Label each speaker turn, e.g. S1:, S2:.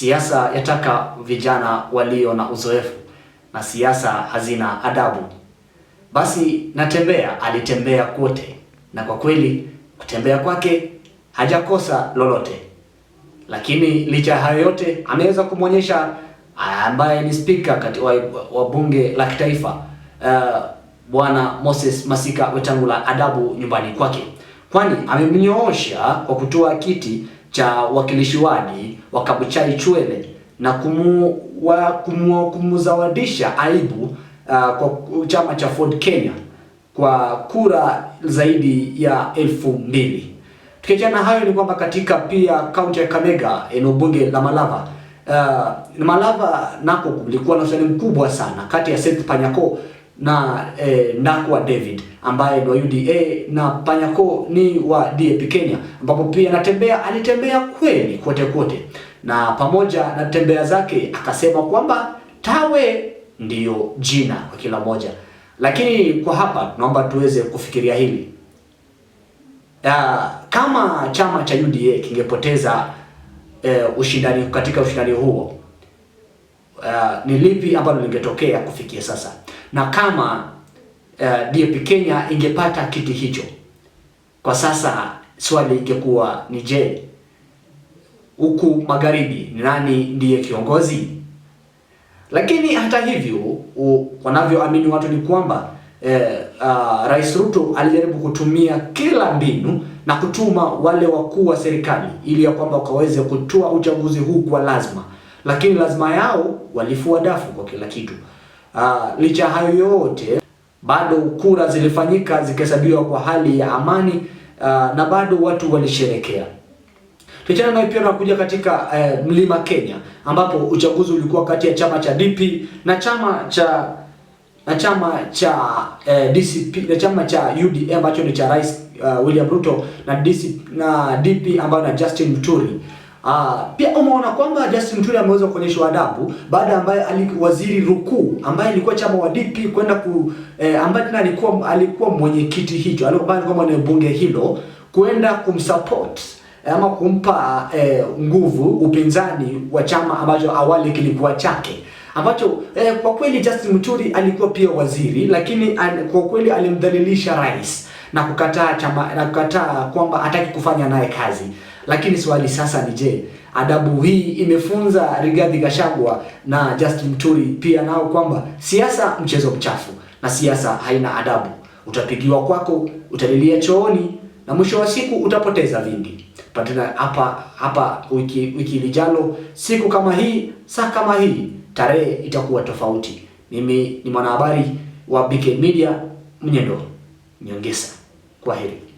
S1: Siasa yataka vijana walio na uzoefu na siasa hazina adabu. Basi Natembea alitembea kote, na kwa kweli kutembea kwake hajakosa lolote, lakini licha ya hayo yote ameweza kumwonyesha ambaye ni spika wa bunge la kitaifa uh, Bwana Moses Masika Wetangula adabu nyumbani kwake, kwani amemnyoosha kwa kutoa kiti cha wakilishi wadi Wakabuchai Chwele na kumu, wa, kumu, kumuzawadisha aibu uh, kwa chama cha Ford Kenya kwa kura zaidi ya elfu mbili. Tukiachana hayo ni kwamba katika pia kaunti ya Kamega eneo bunge la Malava uh, Malava nako kulikuwa na ushindani mkubwa sana kati ya Seth Panyako na eh, Naku wa David ambaye ni wa UDA na Panyako ni wa DAP Kenya, ambapo pia anatembea alitembea kweli kote kote, na pamoja na tembea zake akasema kwamba Tawe ndiyo jina kwa kila moja, lakini kwa hapa tunaomba tuweze kufikiria hili ya, kama chama cha UDA kingepoteza eh, ushindani katika ushindani huo Uh, ni lipi ambalo lingetokea kufikia sasa? na kama uh, eh, DP Kenya ingepata kiti hicho, kwa sasa swali ingekuwa ni je, huku magharibi ni nani ndiye kiongozi? Lakini hata hivyo wanavyoamini watu ni kwamba eh, uh, Rais Ruto alijaribu kutumia kila mbinu na kutuma wale wakuu wa serikali ili ya kwamba wakaweze kutoa uchaguzi huu kwa lazima, lakini lazima yao walifua dafu kwa kila kitu. Uh, licha hayo yote bado kura zilifanyika zikihesabiwa kwa hali ya amani, uh, na bado watu walisherekea. Tuchana nayo pia nakuja katika uh, Mlima Kenya ambapo uchaguzi ulikuwa kati ya chama cha DP na chama cha na chama cha uh, eh, DCP na chama cha UDA ambacho ni cha Rais uh, William Ruto na DCP, na DP ambayo na Justin Muturi Aa, ah, pia umeona kwamba Justin Muturi ameweza kuonyeshwa adabu baada ambaye waziri Ruku ambaye alikuwa chama wa DP kwenda ku eh, ambaye tena alikuwa alikuwa mwenyekiti hicho alikuwa alikuwa ni bunge hilo kwenda kumsupport eh, ama kumpa eh, nguvu upinzani wa chama ambacho awali kilikuwa chake ambacho eh, kwa kweli Justin Muturi alikuwa pia waziri lakini al, kwa kweli alimdhalilisha rais na kukataa chama na kukataa kwamba hataki kufanya naye kazi. Lakini swali sasa ni je, adabu hii imefunza Rigathi Gachagua na Justin Muturi pia nao kwamba siasa mchezo mchafu na siasa haina adabu? Utapigiwa kwako, utalilia chooni na mwisho wa siku utapoteza vingi. Patana hapa hapa wiki wiki lijalo, siku kama hii, saa kama hii, tarehe itakuwa tofauti. Mimi ni mwanahabari wa BK Media, Mnyendo Nyongesa. Kwaheri.